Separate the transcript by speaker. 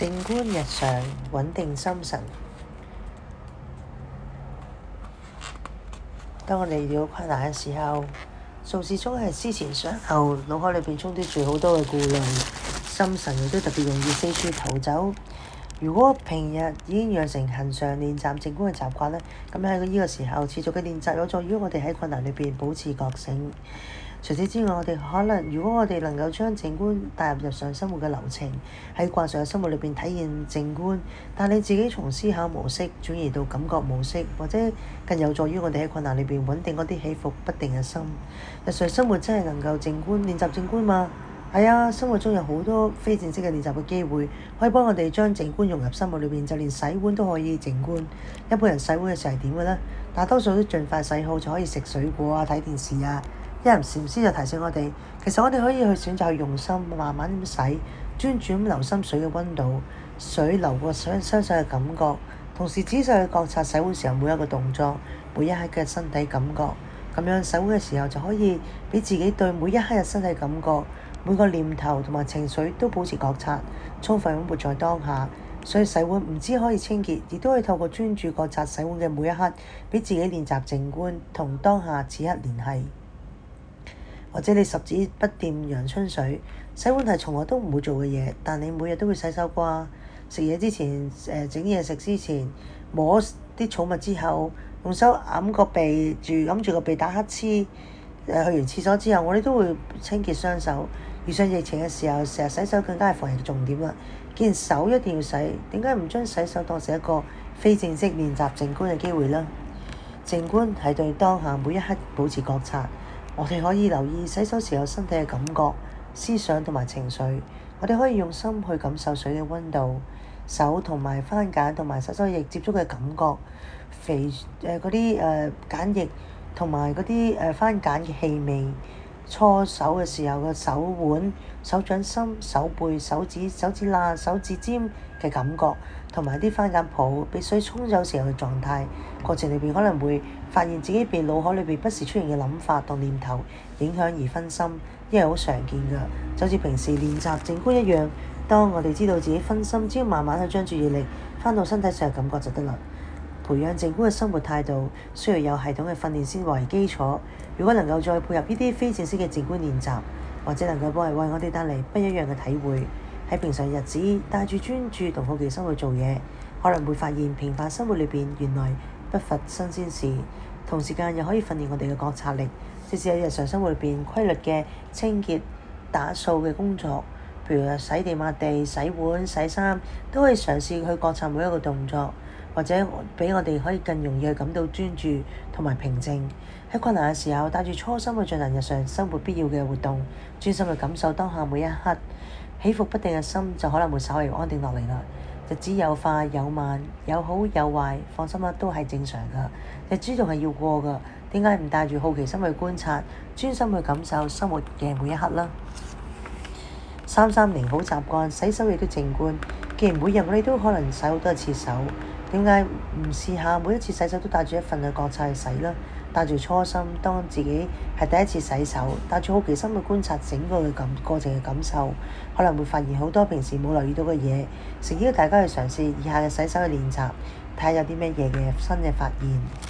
Speaker 1: 靜觀日常，穩定心神。當我哋遇到困難嘅時候，數次中係思前想後，腦海裏邊充斥住好多嘅顧慮，心神亦都特別容易四處逃走。如果平日已經養成恆常練習靜觀嘅習慣呢，咁喺呢個時候，持續嘅練習有助於我哋喺困難裏邊保持覺醒。除此之外，我哋可能，如果我哋能夠將靜觀帶入日常生活嘅流程，喺慣常嘅生活裏邊體現靜觀，但你自己從思考模式轉移到感覺模式，或者更有助於我哋喺困難裏邊穩定嗰啲起伏不定嘅心。日常生活真係能夠靜觀練習靜觀嘛？係啊，生活中有好多非正式嘅練習嘅機會，可以幫我哋將靜觀融入生活裏邊，就連洗碗都可以靜觀。一般人洗碗嘅時候係點嘅呢？大多數都盡快洗好就可以食水果啊、睇電視啊。一人禪師就提醒我哋，其實我哋可以去選擇去用心慢慢咁洗，專注咁留心水嘅温度、水流過水身上嘅感覺，同時仔細去覺察洗碗嘅時候每一個動作、每一刻嘅身體感覺，咁樣洗碗嘅時候就可以俾自己對每一刻嘅身體感覺、每個念頭同埋情緒都保持覺察，充分咁活在當下。所以洗碗唔止可以清潔，亦都可以透過專注覺察洗碗嘅每一刻，俾自己練習靜觀同當下此刻聯繫。或者你十指不掂陽春水，洗碗係從來都唔會做嘅嘢，但你每日都會洗手啩。食嘢之前，呃，整嘢食之前，摸啲寵物之後，用手揞個鼻，住揞住個鼻打乞嗤、呃。去完廁所之後，我哋都會清潔雙手。遇上疫情嘅時候，成日洗手更加係防疫重點啦。既然手一定要洗，點解唔將洗手當成一個非正式練習靜觀嘅機會咧？靜觀係對當下每一刻保持覺察。我哋可以留意洗手時有身體嘅感覺、思想同埋情緒。我哋可以用心去感受水嘅溫度、手同埋番梘同埋洗手液接觸嘅感覺、肥誒嗰啲誒梘液同埋嗰啲誒番梘嘅氣味。搓手嘅時候，個手腕、手掌心、手背、手指、手指罅、手指尖嘅感覺，同埋啲番梘泡被水沖走時候嘅狀態過程裏邊，可能會發現自己被腦海裏邊不時出現嘅諗法當念頭影響而分心，因為好常見㗎。就好似平時練習靜觀一樣，當我哋知道自己分心，只要慢慢去將注意力翻到身體上嘅感覺就得啦。培養靜觀嘅生活態度，需要有系統嘅訓練先為基礎。如果能夠再配合呢啲非正式嘅靜觀練習，或者能夠幫我哋帶嚟不一樣嘅體會。喺平常日子，帶住專注同好奇心去做嘢，可能會發現平凡生活裏邊原來不乏新鮮事。同時間又可以訓練我哋嘅覺察力。即使喺日常生活裏邊規律嘅清潔、打掃嘅工作，譬如洗地、抹地、洗碗、洗衫，都可以嘗試去覺察每一個動作。或者比我哋可以更容易去感到專注同埋平靜。喺困難嘅時候，帶住初心去進行日常生活必要嘅活動，專心去感受當下每一刻起伏不定嘅心，就可能會稍微安定落嚟啦。日子有快有慢，有好有壞，放心啦，都係正常㗎。日子仲係要過㗎，點解唔帶住好奇心去觀察、專心去感受生活嘅每一刻啦？三三年好習慣，洗手亦都靜觀。既然每日我哋都可能洗好多次手。點解唔試下？每一次洗手都帶住一份嘅觀察去洗啦，帶住初心，當自己係第一次洗手，帶住好奇心去觀察整個嘅感過程嘅感受，可能會發現好多平時冇留意到嘅嘢。誠邀大家去嘗試以下嘅洗手嘅練習，睇下有啲咩嘢嘅新嘅發現。